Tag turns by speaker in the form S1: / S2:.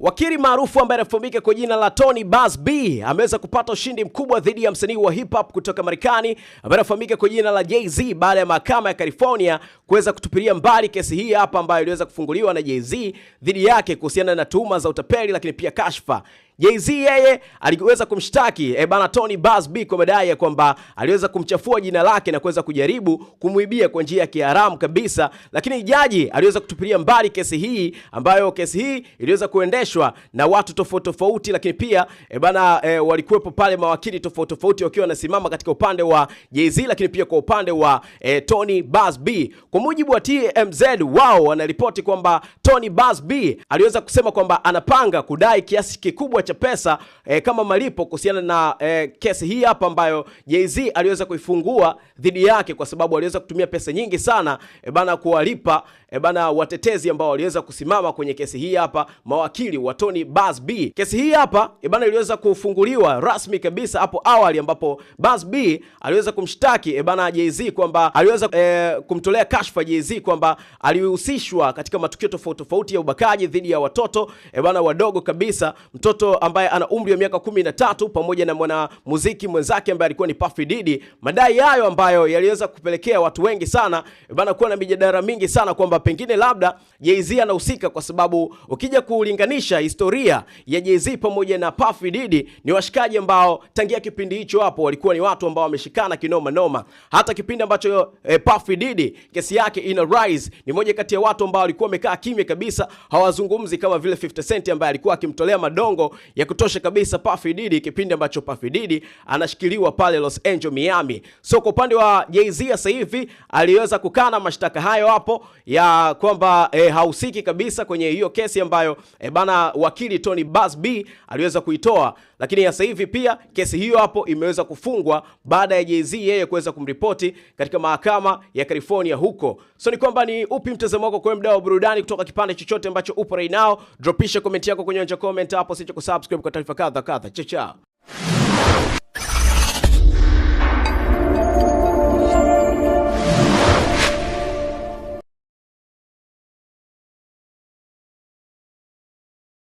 S1: Wakili maarufu ambaye anafahamika kwa jina la Tony Buzbee ameweza kupata ushindi mkubwa dhidi ya msanii wa hip hop kutoka Marekani ambaye anafahamika kwa jina la Jay-Z baada ya mahakama ya California kuweza kutupilia mbali kesi hii hapa ambayo iliweza kufunguliwa na Jay-Z dhidi yake kuhusiana na tuhuma za utapeli, lakini pia kashfa Jay-Z yeye aliweza kumshtaki e bana Tony Buzz B kwa madai ya kwamba aliweza kumchafua jina lake na kuweza kujaribu kumuibia kwa njia ya kiharamu kabisa, lakini jaji aliweza kutupilia mbali kesi hii, ambayo kesi hii iliweza kuendeshwa na watu tofauti tofauti, lakini pia e bana e, walikuwepo pale mawakili tofauti tofauti wakiwa wanasimama katika upande wa Jay-Z, lakini pia kwa upande wa e, Tony Buzz B. Kwa mujibu wa TMZ, wao wanaripoti kwamba Tony Buzz B aliweza kusema kwamba anapanga kudai kiasi kikubwa cha pesa eh, kama malipo kuhusiana na eh, kesi hii hapa ambayo Jay-Z aliweza kuifungua dhidi yake kwa sababu aliweza kutumia pesa nyingi sana eh, bana kuwalipa eh, bana watetezi ambao waliweza kusimama kwenye kesi hii hapa, mawakili wa Tony Busby. Kesi hii hapa eh, bana iliweza kufunguliwa rasmi kabisa hapo awali ambapo Busby aliweza kumshtaki eh, bana Jay-Z kwamba aliweza eh, kumtolea kashfa Jay-Z kwamba alihusishwa katika matukio tofauti tofauti ya ubakaji dhidi ya watoto eh, bana wadogo kabisa mtoto ambaye ana umri wa miaka kumi na tatu pamoja na mwanamuziki mwenzake ambaye alikuwa ni Puffy Didi. Madai hayo ambayo yaliweza kupelekea watu wengi sana bana kuwa na mijadala mingi sana kwamba pengine labda Jay-Z anahusika, kwa sababu ukija kulinganisha historia ya Jay-Z pamoja na Puffy Didi ni washikaji ambao tangia kipindi hicho hapo walikuwa ni watu ambao wameshikana kinoma noma. Hata kipindi ambacho eh, Puffy Didi kesi yake ina rise, ni moja kati ya watu ambao walikuwa wamekaa kimya kabisa, hawazungumzi kama vile 50 Cent ambaye alikuwa akimtolea madongo ya kutosha kabisa Puffy Diddy, kipindi ambacho Puffy Diddy anashikiliwa pale Los Angeles Miami. So kwa upande wa Jay-Z sasa hivi aliweza kukana mashtaka hayo hapo ya kwamba e, hahusiki kabisa kwenye hiyo kesi ambayo e, bana wakili Tony Busby aliweza kuitoa, lakini sasa hivi pia kesi hiyo hapo imeweza kufungwa baada ya Jay-Z yeye kuweza kumripoti katika mahakama ya California huko. So ni kwamba ni upi mtazamo wako kwa mda wa burudani kutoka kipande chochote ambacho upo right now? Dropisha comment yako kwenye comment hapo, sicho kusahau kusubscribe kwa taarifa kadha kadha. Chacha.